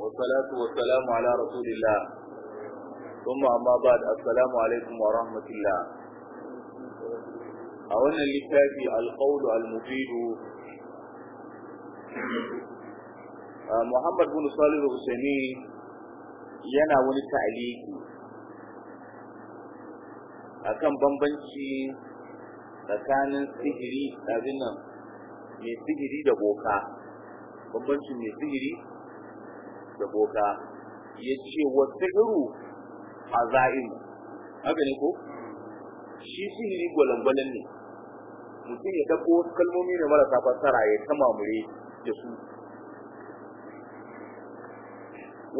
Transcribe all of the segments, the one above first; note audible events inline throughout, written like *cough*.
والصلاة والسلام على رسول الله ثم أما بعد السلام عليكم ورحمة الله أولا لكتابي القول المفيد آه، محمد بن صالح الحسيني ينا ونتعليك أكم بمبنشي أكان سهري sihiri mai sihiri da boka bambancin mai sihiri da boka ya ce wa sihiru a za'in haka ne ko shi sihiri gwalangwalan ne mutum ya ɗauko wasu kalmomi ne marasa fassara ya ta mamure da su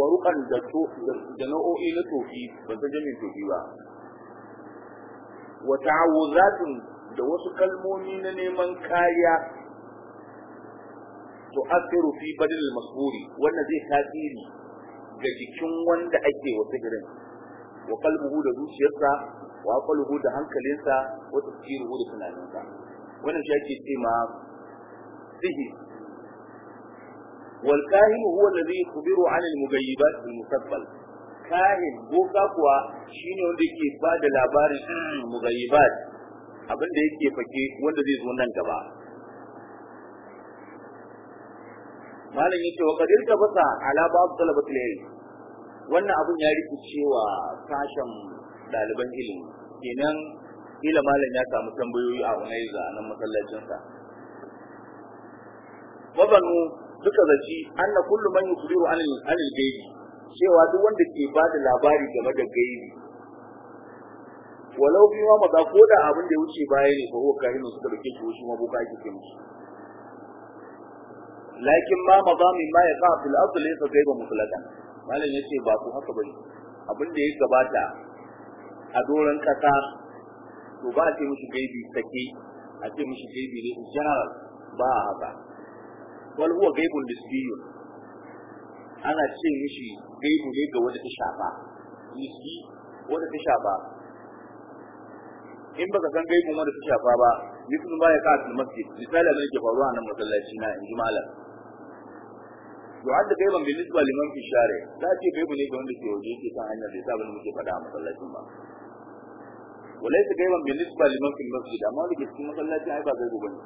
wa rukan da na'o'i na tofi ban ta jami'in tofi ba wa ta'awuzatun da wasu kalmomi na neman kariya tu'athiru fi al masburi wannan zai tasiri ga jikin wanda ake wa sihirin wa qalbuhu da zuciyarsa wa qalbuhu da hankalinsa wa tafkiruhu da tunaninsa wannan shi ake ce ma sihir wal kahin huwa alladhi yukhbiru 'an al mughayyibat fil mustaqbal kahin goka kuwa shine wanda yake ba da labarin mughayyibat abin da yake fake wanda zai zo nan gaba malam yake wa kadir ka fasa ala babu talabatul ilm wannan abun ya riki cewa sashen ɗaliban ilimi kenan ila malam ya samu tambayoyi a unaiza nan sa wabanu duka zaci anna kullu man yukhbiru an al-gaibi cewa duk wanda ke bada labari game da gaibi walau fi ma maza ko da abin da ya wuce baya ne ko kai ne suka dake shi wasu mabuka yake kai lakin ma maza ma ya kafa fil asl laysa gaiba mutlaka malam yace ba ku haka bane abin da ya gabata a doran kasa to ba a ce mushi gaibi take a ce mushi gaibi ne in general ba a haka wal huwa gaibun nisbiyun ana ce mushi gaibu ne ga wanda ta shafa nisbi wanda ta shafa in baka san gaibun wanda ta shafa ba mutum ba ya ka masjid misali abin da ke faruwa a nan masallaci na in ji malam kai gaiban bil nisba liman fi share da kai gaibu ne ga wanda ke waje yake kan hanyar da ya saba muke faɗa a masallacin ba kai gaiban bil nisba liman fi masjid amma wanda ke cikin masallacin ai ba gobe ne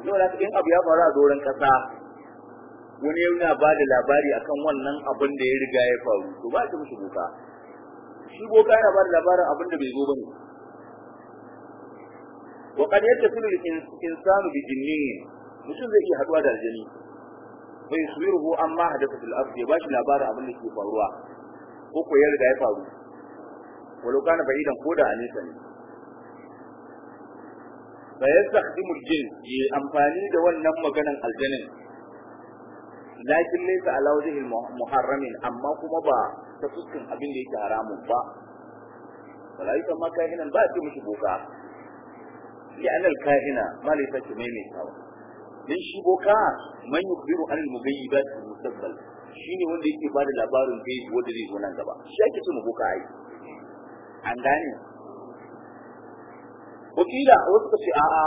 zuwa da in abu ya faru a doron kasa wani yana ba da labari akan wannan abin da ya riga ya faru to ba ta musu boka shi boka yana ba da labarin abin da bai zo bane wa qad yattasilu al-insanu bi jinni mutum zai iya haduwa da aljini bai suwiruhu amma hadatha fil ardi ya bashi labarin abin da ke faruwa ko ko ya riga ya faru walau kana ba'idan dan koda a nesa ne fa yastakhdimu al jin yi amfani da wannan maganan aljanin lakin laysa ala wajhi muharramin amma kuma ba ta fuskin abin da yake haramun ba wala yasa ma kahinan ba ta mushi boka ya anal kahina ma kimai kimene kawa dan shi boka man yukhbiru an al-mughayyibat al-mustaqbal shine wanda yake bada labarin gai wanda zai zo nan gaba shi ake so boka ai an gane wakila wasu ka ce a'a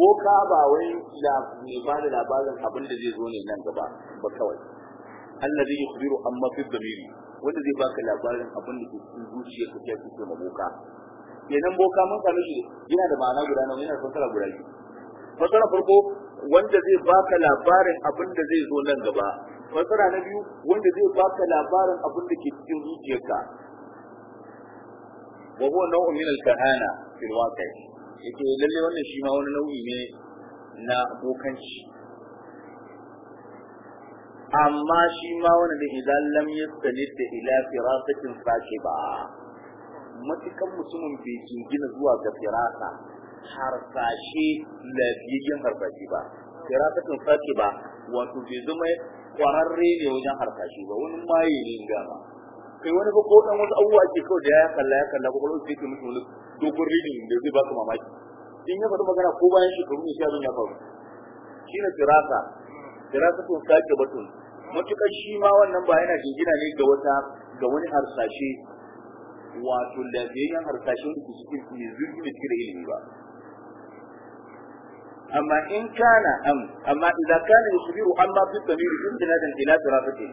boka ba wai mai ba da labarin abin da zai zo ne nan gaba ba kawai Allah zai yukhbiru an mafi dhamiri wanda zai baka labarin abin da ke cikin zuciyar ka kai kuke ma boka kenan boka mun same shi yana da ma'ana guda nawa yana da fasara guda biyu fasara farko wanda zai baka labarin abin da zai zo nan gaba fassara na biyu wanda zai baka labarin abin da ke cikin zuciyarka wa huwa nau'un min al-kahana fil waqi yake lalle wannan shi ma wani nau'i ne na bokanci amma shi ma wani da idan lam yastanid da ila firasatin sakiba matukan mutumin bai jingina zuwa ga firasa harsashe lafiyayyen harsashe ba tun sarki ba wato bai zama kwararre ne wajen harsashe ba wani maye ne gama kai wani ba ko dan wasu abubuwa ke kawai da ya kalla ya kalla kuma sai ke musu wani dogon reading da zai baka mamaki in ya faɗi magana ko bayan shekaru ne sai ya faru shi ne firasa tun sake batun matuƙar shi ma wannan ba yana jingina ne ga wata ga wani harsashe wato lafiyayyen harsashe wani ke ne mai zurfi da cire ilimi ba amma in kana am amma idan kana yukhbiru amma في samiri imtinadan هذا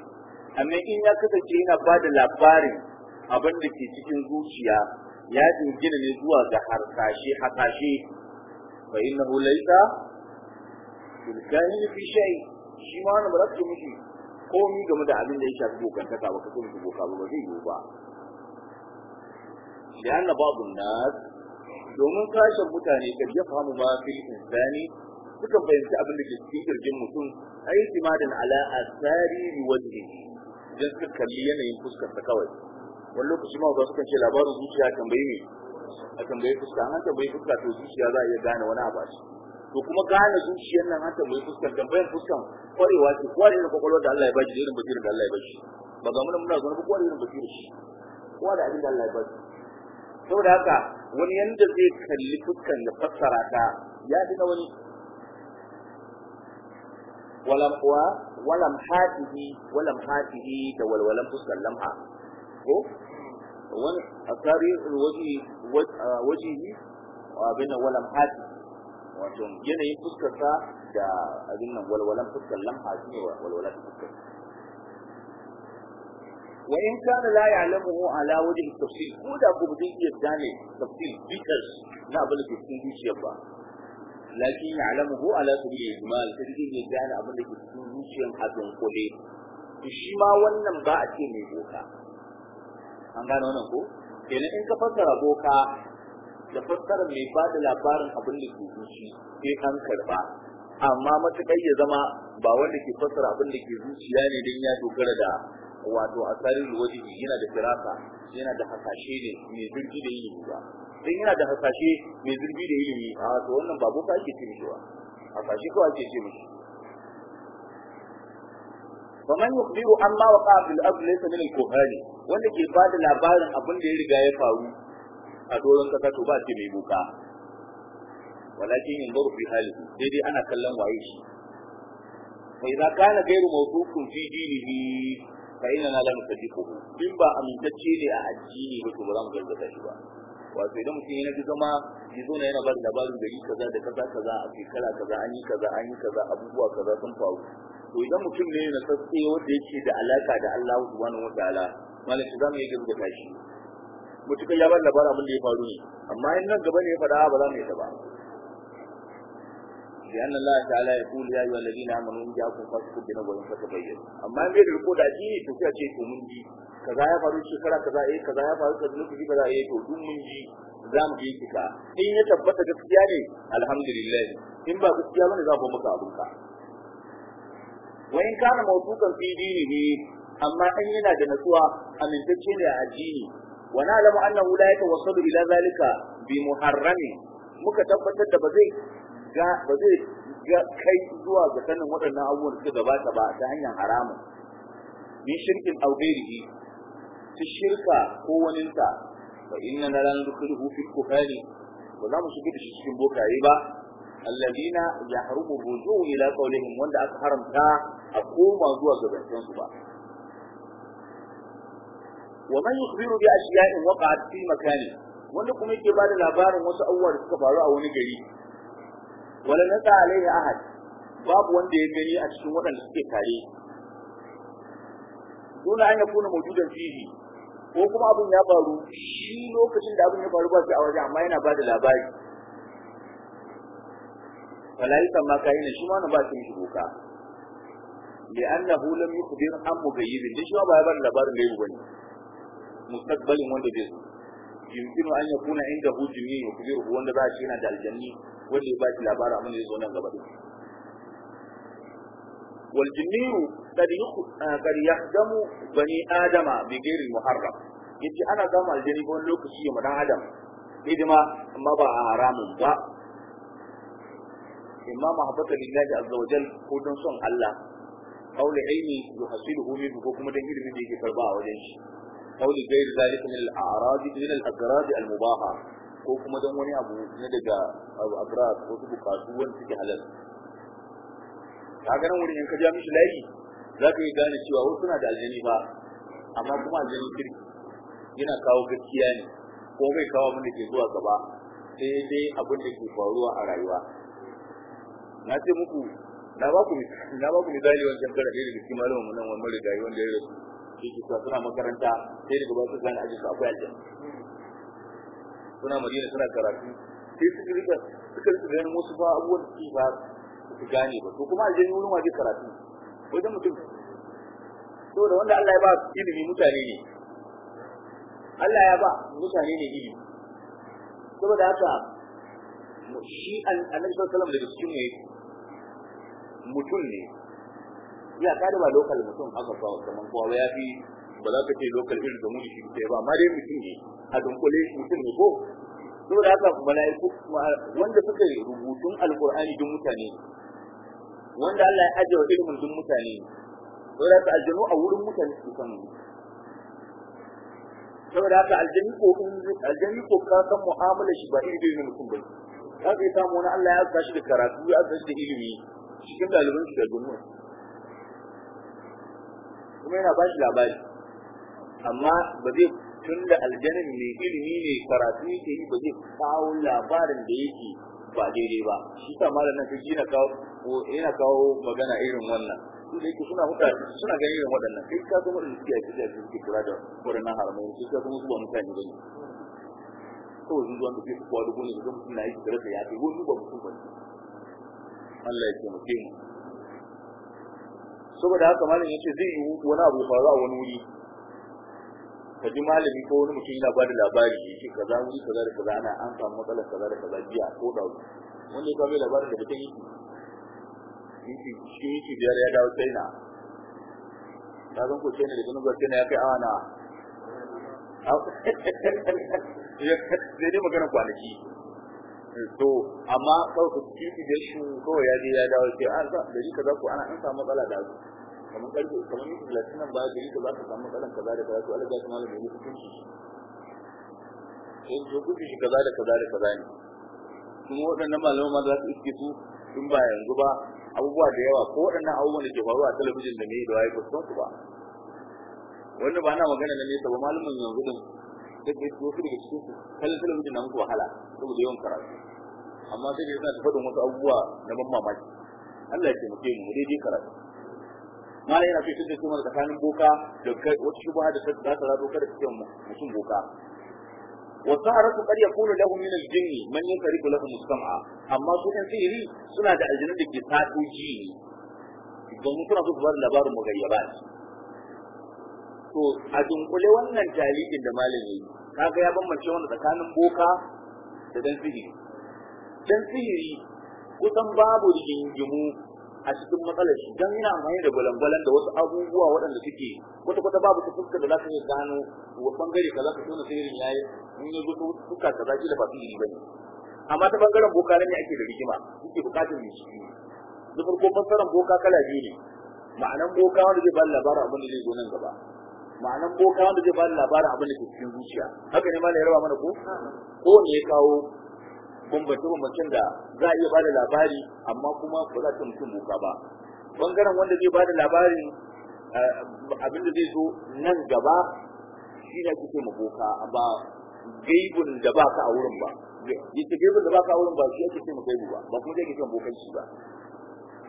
amma in ya kasance yana بعد labarin abin da ke cikin zuciya ya dingina ne zuwa ga harsashe hasashe fa innahu laysa bil kahini fi shay shi ma na barakatu miki komi game da abin da ya shafi bokantaka ba ka boka ba zai yiwu ba لأن بعض الناس domin kashin mutane ka jafa mu ba fi insani suka fahimci abin da ke cikin jirgin mutum a yi da ala asari wajhi don suka kalli yanayin fuskar ta kawai wani lokaci ma ba suka ce labarin zuciya bai ne a bai fuska an tambayi fuska to zuciya za a iya gane wani abu to kuma gane zuciyar nan an tambayi fuskar tambayar fuskan kwarewa ce kware ne kwakwalwar da Allah ya baki irin basirin da Allah ya baki ba ga muna muna zuwa ba kware irin basirin shi kowa da abin da Allah ya baki saboda haka wani yanda zai kalli fuskan ya fassara ta ya fi na wani walam wa walam hatihi walam hatihi da walwalan fuskan lamha ko wani asari waji wajihi abin nan walam hati wato yanayin fuskarsa da abin nan walwalan fuskan lamha shine walwalan fuskarsa وإن in لا يعلمه على وجه التفصيل هو ko da ku bin iya gane tafsir bitas na abin da ke cikin zuciya ba lakin ya'lamuhu ala sabil ijmal sai dai ya gane abin da ke cikin zuciyar abin kole shi ma wannan ba a ce mai boka an gane wannan ko kenan in ka fassara boka da ba amma matukar ya zama ba wanda ke fassara abin da ke zuciya ne don ya dogara da wato a asarin wajibi yana da firasa yana da hasashe ne mai zurfi da ilimi ba sai yana da hasashe mai zurfi da ilimi a to wannan babu ka ake ce mishi ba hasashe ko ake ce mishi faman yukhbiru amma waqa fil ard laysa min al wanda ke ba da labarin abin da ya riga ya faru a doron kasa to ba ce mai buka walakin yanzuru fi hali sai dai ana kallon waye shi fa idza kana ghayru mawduqun fi dinihi fa inna la nusaddiqu in ba amintacce ne a addini ba to ba za mu gaskata shi ba wato idan mutum yana ji zama ya zo na yana ba da labarin gari kaza da kaza kaza a shekara kaza an yi kaza an yi kaza abubuwa kaza sun faru to idan mutum ne na sassi wanda yake da alaka da Allah subhanahu wataala malam shi mu yi gaskata shi mutum ya ba labarin abin da ya faru ne amma in nan gaba ne ya faɗa ba za mu yi ta ba لأن الله تعالى يقول يا أيها الذين آمنوا إن جاءكم فاسق بنبأ فتبينوا أما من يقول أجي تفي أجي تمنجي كذا يا فارس شكرا كذا إيه كذا يا فارس كذا كذا كذا إيه تو تمنجي زام جي كذا إن يتبت كذا الحمد لله إن با كذا من زام بمك أبوك وإن كان موثوقا في دينه أما أن ينا جنسوا أمن تكين يا أجيني ونعلم أنه لا يتوصل إلى ذلك بمحرم muka tabbatar da ba zai ga ba zai ga kai zuwa ga sanin waɗannan abubuwan suka gabata ba ta hanyar haramun Ni shirkin aw shi ta shirka ko wani ta fa inna lan nukrihu fi kufari ba za mu shiga da shi cikin bokaye ba alladina yahrubu rujuu ila qawlihim wanda aka haramta a koma zuwa ga bantan su ba wa man yukhbiru bi ashiya'in waqa'at fi makani wanda kuma yake ba da labarin wasu abubuwa da suka faru a wani gari wala nada alaihi ahad babu wanda ya gani a cikin waɗanda suke tare dole an yi kuna mawjudan fihi ko kuma abin ya faru shi lokacin da abin ya faru ba shi a waje amma yana ba da labari malaika ma yi ne shi ma na ba shi mishi doka na hulun yi kudin an mugayi din shi ba ya bar labarin da yi wani mustaqbalin wanda bai zo yumkinu an yakuna indahu jinni yukhbiruhu wanda za shi yana da aljanni wanda ya ba labarin abin da ya zo nan gaba din wal jinni ah, qad yahdamu bani adama bi ghairi muharram yace ana samu aljanni ko lokaci ya madan adam hidima amma ba haramun ba imma mahabbata lillahi azza wa jal ko don son Allah aure aini yuhasiluhu minhu ko kuma dan ilimin da yake karba a wajen shi qawli ghayr zalika min al-a'rad min al-agrad al-mubaha ko kuma don wani abu ne daga agrad ko su bukatu wani suke halal ka ganin wurin yanka ka ja layi za ka yi gane cewa wasu suna da aljani ba amma kuma aljani kirki yana kawo gaskiya ne ko bai kawo abin da ke zuwa gaba sai dai abin da ke faruwa a rayuwa na ce muku na ba ku misali wancan kara da ke malamin mu nan wani marigayi wanda ya rasu da suna makaranta sai daga ba su gane aji su akwai aljanna suna madina suna karatu sai suka rika suka rika ganin wasu ba abubuwan da ba su gane ba to kuma aljanna wurin waje karatu wajen mutum saboda wanda Allah ya ba ilimi mutane ne Allah ya ba mutane ne ilimi saboda haka shi annabi sallallahu alaihi wasallam cikin ne mutum ne ya kada ba lokal mutum aka kawo kamar kowa ya fi ba za ka ce lokal irin da mun shi ba amma dai mutum ne a dunkule mutum ne ko saboda haka mala'iku wanda suka yi rubutun alqur'ani duk mutane wanda Allah ya ajiye ilimin duk mutane saboda haka aljanu a wurin mutane su san saboda haka aljanu ko in aljanu ko ka san mu'amala shi ba irin da mutum ba, za ka samu wani Allah ya sa shi da karatu ya azza shi da ilimi cikin dalibin shi da gunnu kuma yana ba shi labari amma ba zai tun da aljanin mai ilimi ne karatu yake yi ba zai kawo labarin da yake ba daidai ba shi sa malam nan kaji yana kawo yana kawo magana irin wannan su da yake suna huta suna ganin irin waɗannan kai ka zama irin kiyaye kiyaye da suke kula da waɗannan haramai kai ka zama zuwa mutane gani kawai zuwa da ke kowa da gona da mutum na yi kira da ya kai wani ba mutum ba Allah ya taimake mu saboda haka malam ya ce zai yi wani abu faru a wani wuri ka ji malami ko wani mutum yana ba da labari ya ce kaza wuri kaza da kaza ana an samu matsalar kaza da kaza biya ko da wanda ya kawo labarin da ta yi yake shi yake biyar ya dawo China ta zan ko ne da ganin China ya kai awa na *laughs* sai dai magana kwanaki so amma ɗauka ciki da shi kawai ya je ya dawo sai an ah, sa da shi kaza ko ana an samu matsala da su kamar karfe kamar yin talatin nan ba da yi kaza ka samu matsalan kaza da kaza to Allah ya kuma da yi hukunci in eh, to shi kaza da kaza da kaza ne kuma waɗannan malaman ma za su iske su in ba yanzu ba abubuwa da yawa ko waɗannan abubuwan da ke faruwa a talabijin da ne da waye ba su ba wanda ba na magana na nesa ba malamin yanzu din da ke su daga cikin su kallon talabijin na musu wahala saboda yawan karatu amma sai da yana ta faɗin wasu abubuwa na ban mamaki Allah ya ce mu mu daidai karatu mala yana fi tunta kuma tsakanin boka da wata shubha da ta za ta rado kada ta mu mutum boka wa saharatu qad yakunu lahum min al-jinni man yaqribu lahum as amma su kan sihiri suna da aljanna da ke sato ji idan mutum suna so su bar labarin mugayyabat to a dunkule wannan talikin da malami kaga ya bambance wanda tsakanin boka da dan sihiri dan sihiri kusan babu rigingimu a cikin matsalar shi dan yana amfani da gwalangwalan da wasu abubuwa waɗanda suke kwata-kwata babu ta fuska da za ka iya gano wa bangare ka za ka tona sihirin yayi in ya zo fuska ka za ki da ba sihiri amma ta bangaren boka ne ake da rigima suke bukatar ciki. na farko fassarar boka kala biyu ne ma'anan boka wanda zai ba labarin abin da zai zo nan gaba ma'anan boka wanda zai bada labarin abin da ke cikin zuciya haka ne malai raba mana ko ko ne ya kawo bambance bambancen da za a iya bada labari amma kuma ba za ta mutum boka ba bangaren wanda zai bada labarin eh, abin da zai zo nan gaba shi ne ake ma boka ba gaibun da ba ka a wurin ba yake gaibun da ba ka a wurin ba shi ake ce ma gaibu ba ba kuma zai ke ce ma bokanci ba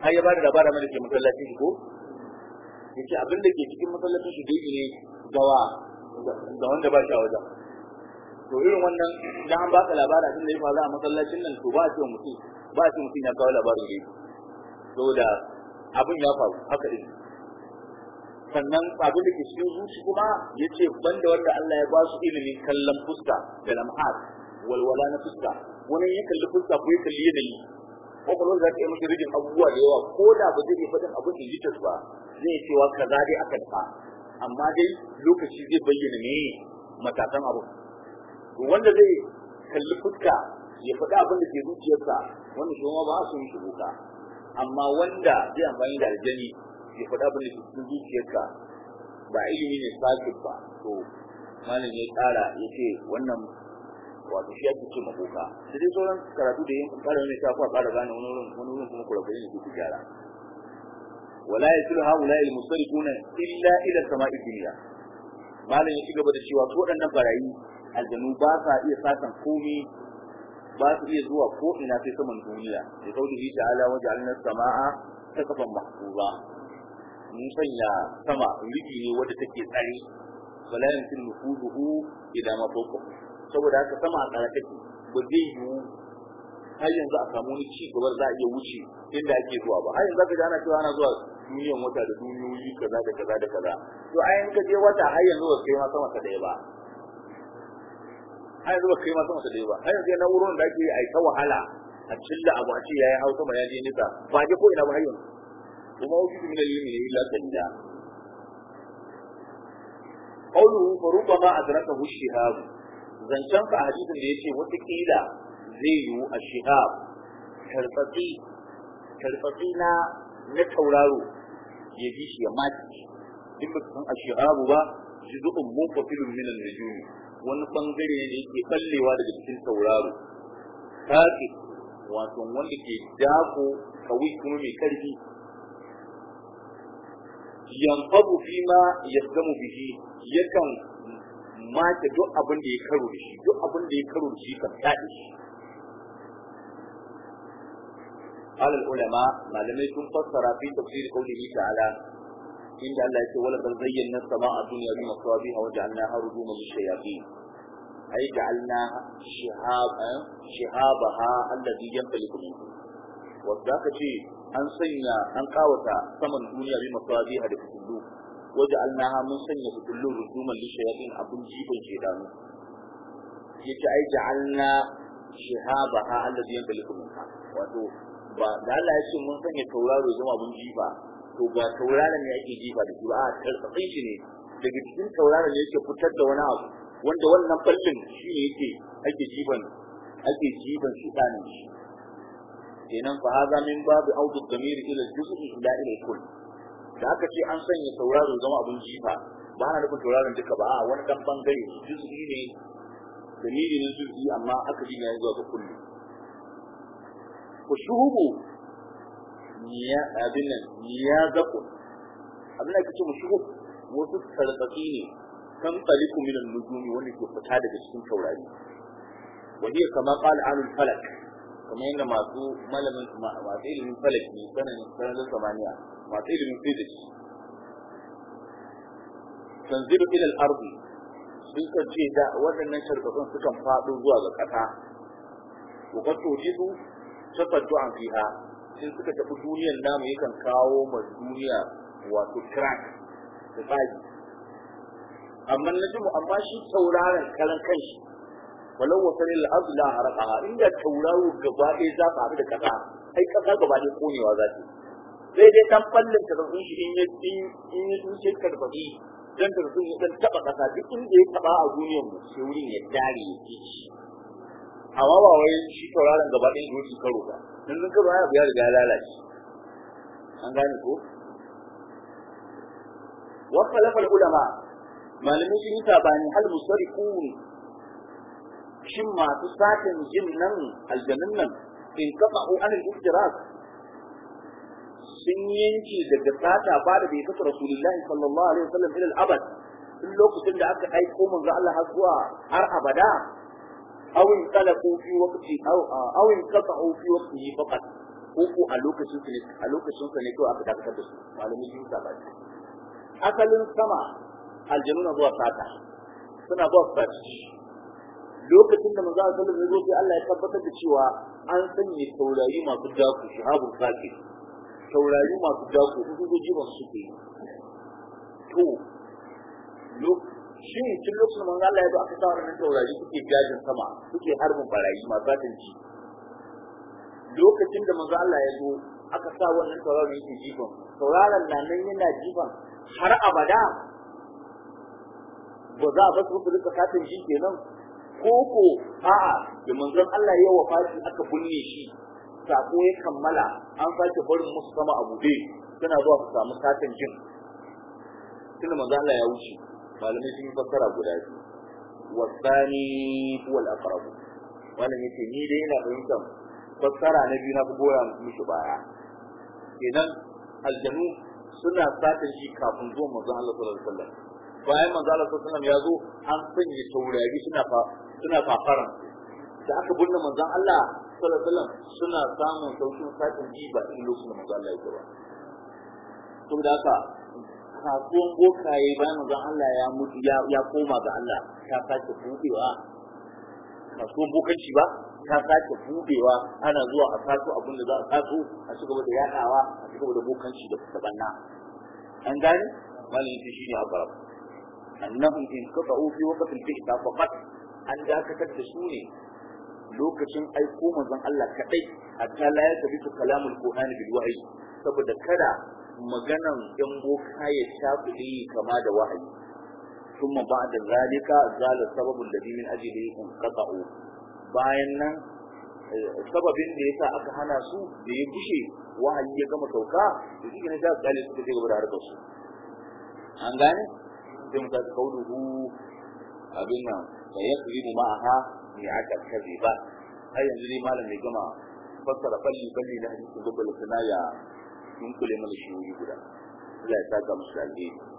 har ya bada labarin mana ke masallacin ko yace abin da ke cikin masallacin shi dai ne gawa da wanda ba shi a wajen to irin wannan dan an baka labarin abin da ya faru a masallacin nan to ba shi mutum ba shi mutum ya kawo labarin dai da abin ya faru haka din sannan abin da ke cikin zuci kuma ya yace banda wanda Allah ya ba su ilimin kallon fuska da lamhat walwala na fuska wani ya kalli fuska ko ya kalli yanayi kwakwalwar za ta yi masa rijin abubuwa da yawa ko da ba zai fadin abu da yi ba zai cewa kaza dai aka dafa amma dai lokaci zai bayyana ne matakan abu wanda zai kalli fuska ya faɗi abin da ke zuciyarsa wanda shi ba su yi shuka amma wanda zai amfani da aljani ya faɗi abin da ke zuciyarsa ba ilimi ne sakin ba to malam ya tsara ya ce wannan wato shi yake ce maboka da dai sauran karatu da yin kara ne ta kwa kara gane wani wurin wani wurin kuma kurakurai ne kuke gyara wala yasiru haula al mustarikuna illa ila sama'i dunya malam ya ci gaba da cewa su waɗannan barayi aljanu ba sa iya satan komi ba su iya zuwa ko ina sai saman duniya da kaulihi ta'ala wa ja'alna sama'a takafan mahfuza mun sanya sama rigi ne wadda take tsare wala yantin nufuzuhu ila ma fawqa saboda haka sama a tsara take ba zai yiwu har yanzu a samu wani ci gaba za a iya wuce inda ake zuwa ba har yanzu ka ji ana cewa ana zuwa duniyan wata da duniyoyi kaza da kaza da kaza to a yanzu je wata har yanzu ba kai ma sama ta daya ba har yanzu ba kai ma sama ta daya ba har yanzu na wurin da ake ta wahala a cilla abu a ce yayi hausa ma ya je nisa ba je ko ina ba har yanzu kuma wasu min al-yumi illa qalila qawluhu fa rubbama adrakahu shihab zancen sa hadisin da yake wata kila zai yi a shihab tarfatsi tarfatsi na na tauraro ya bi shi ya maki duk da san a shihabu ba jizu'un filin min da nujum wani bangare ne yake ballewa daga cikin tauraro kafi wato wanda ke dako kawai kuma mai karfi ma ya yasdamu bihi yakan mace duk abin da ya karo shi duk abin da ya karo shi ka fadi shi قال العلماء ما لم يكن فسر في تفسير قوله تعالى إن الله يقول ولقد زينا السماء الدنيا بمصابيح وجعلناها رجوما للشياطين أي جعلناها شهابا شهابها الذي ينطلق منه وذاك شيء أن سينا أن قاوتا ثمن الدنيا بمصابيح لفتلوه waja'alnaha mun sanya kullu rujuman li shayatin abun jibin shedanu yace ai ja'alna shihabaha allazi yanbalikum wato ba da Allah ya mun sanya tauraro zama abun jifa to ba tauraron ne ake jifa da shi ba a tarbatsin shi ne daga cikin tauraron ne yake fitar da wani abu wanda wannan fallin shi ne yake ake jiban ake jiban shi shi kenan fa haza min babu audu damiri ila juz'i ila ila kulli da aka ce an sanya tauraro zama abin jifa ba na nufin tauraron duka ba a wani dan bangare juz'i ne da dalili ne juz'i amma aka ji ya zuwa ga kullu ku shuhubu ya abin nan ya zaku abin da ake ce mu shuhubu wasu sarƙaƙi ne kan tsaliku minan nujumi wanda ke fita daga cikin taurari Wani ya kama عن الفلك kuma ان masu سو ملم a masu ilimin falak ne سنه سنه samaniya. masu ilimin physics tanzilu ila al-ardi sun kace da waɗannan sharbatan sukan faɗo zuwa ga ƙasa wa qad tujidu tafaddu'an fiha sun suka tafi duniyar namu yakan kawo ma duniya wato crack da tsagi amma na ji jimu amma shi tauraron karan kanshi walau wasanin al'adu la haraka inda tauraro gaba ɗaya za ka da ƙasa ai ƙasa gaba ɗaya konewa za ta yi sai dai dan ballin ta rufin shi in ya in ya tuce ka da babi dan ta rufin ya dan taba kasa duk inda ya taba a duniyar mu sai wurin ya dare ya ci amma ba wai shi tauraron gaba ɗin ɗaya doki karo ba dan sun karo ya biya riga lalace an gane ko واختلف العلماء ما لم يكن يتابعني هل مسرقون shin masu satin jin nan aljanun nan in kafa ko an al sun yanke daga sata, ba da bai fata rasulullahi sallallahu alaihi wasallam ila al-abad duk lokacin da aka aiko manzo Allah har zuwa har abada aw in talaqu fi waqti aw aw in qata'u fi waqti faqat ko ko a lokacin su ne a lokacin su ne ko aka dakatar da su malamin yi ta bai asalin sama aljanu na zuwa sata suna zuwa fata lokacin da manzo Allah sallallahu alaihi wasallam ya Allah ya tabbatar da cewa an sanya taurari masu daku shahabul kafir saurari masu jago hujjoji ba su ke to shi ne cin lokacin manzo Allah ya zo aka tawar nan taurari suke gajin sama suke harbin barayi masu zatin ji lokacin da manzo Allah ya zo aka sa wannan tauraron yake jifan sauraron na nan yana jifan har abada ba za a ba su rika katin ji kenan ko ko a'a da manzon Allah ya wafa shi aka binne shi sako ya kammala an sake barin musu sama a buɗe suna zuwa su samu satan jin tunda manzo Allah ya wuce malamai sun yi fassara guda biyu wasani wal aqrab wannan yace ni dai ina fahimtar fassara na biyu na fi goya mishi baya kenan aljanu suna satan shi kafin zuwa manzo Allah sallallahu alaihi wasallam bayan manzo Allah sallallahu ya zo an sanya taurari suna fa suna fafaran da aka binne manzon Allah sallallahu alaihi wasallam suna samun saukin sakin ji ba in lokacin manzo Allah yake ba saboda haka kasuwan bokaye bayan manzo Allah ya mutu ya koma ga Allah ta sake buɗewa kasuwan bokanci ba ta sake buɗewa ana zuwa a sato abin da za a sato a cigaba da yaɗawa a cigaba da bokanci da tabanna an gane malin shi ne a barab annahum in qata'u fi waqtil fi'ta faqat an dakatar da su ne lokacin aiko manzon Allah kadai hatta la ya tabi kalamul qur'an bil wahyi saboda kada maganan yan boka ya shafi kama da wahayi ثم بعد ذلك زال السبب الذي من اجله انقطعوا bayan nan eh, sababin da yasa aka hana su da ya bushe wahayi ya gama sauka da shi ne da tsale su take gaba da harkar su an gane sai mu ta kauluhu abin nan fa yakrimu ma'aha mai aka kaze ba ai yanzu ne malam ne gama fassara falli balli na hadisin gaba da sanaya dunkule mana shi wuri guda Allah ya saka musu alheri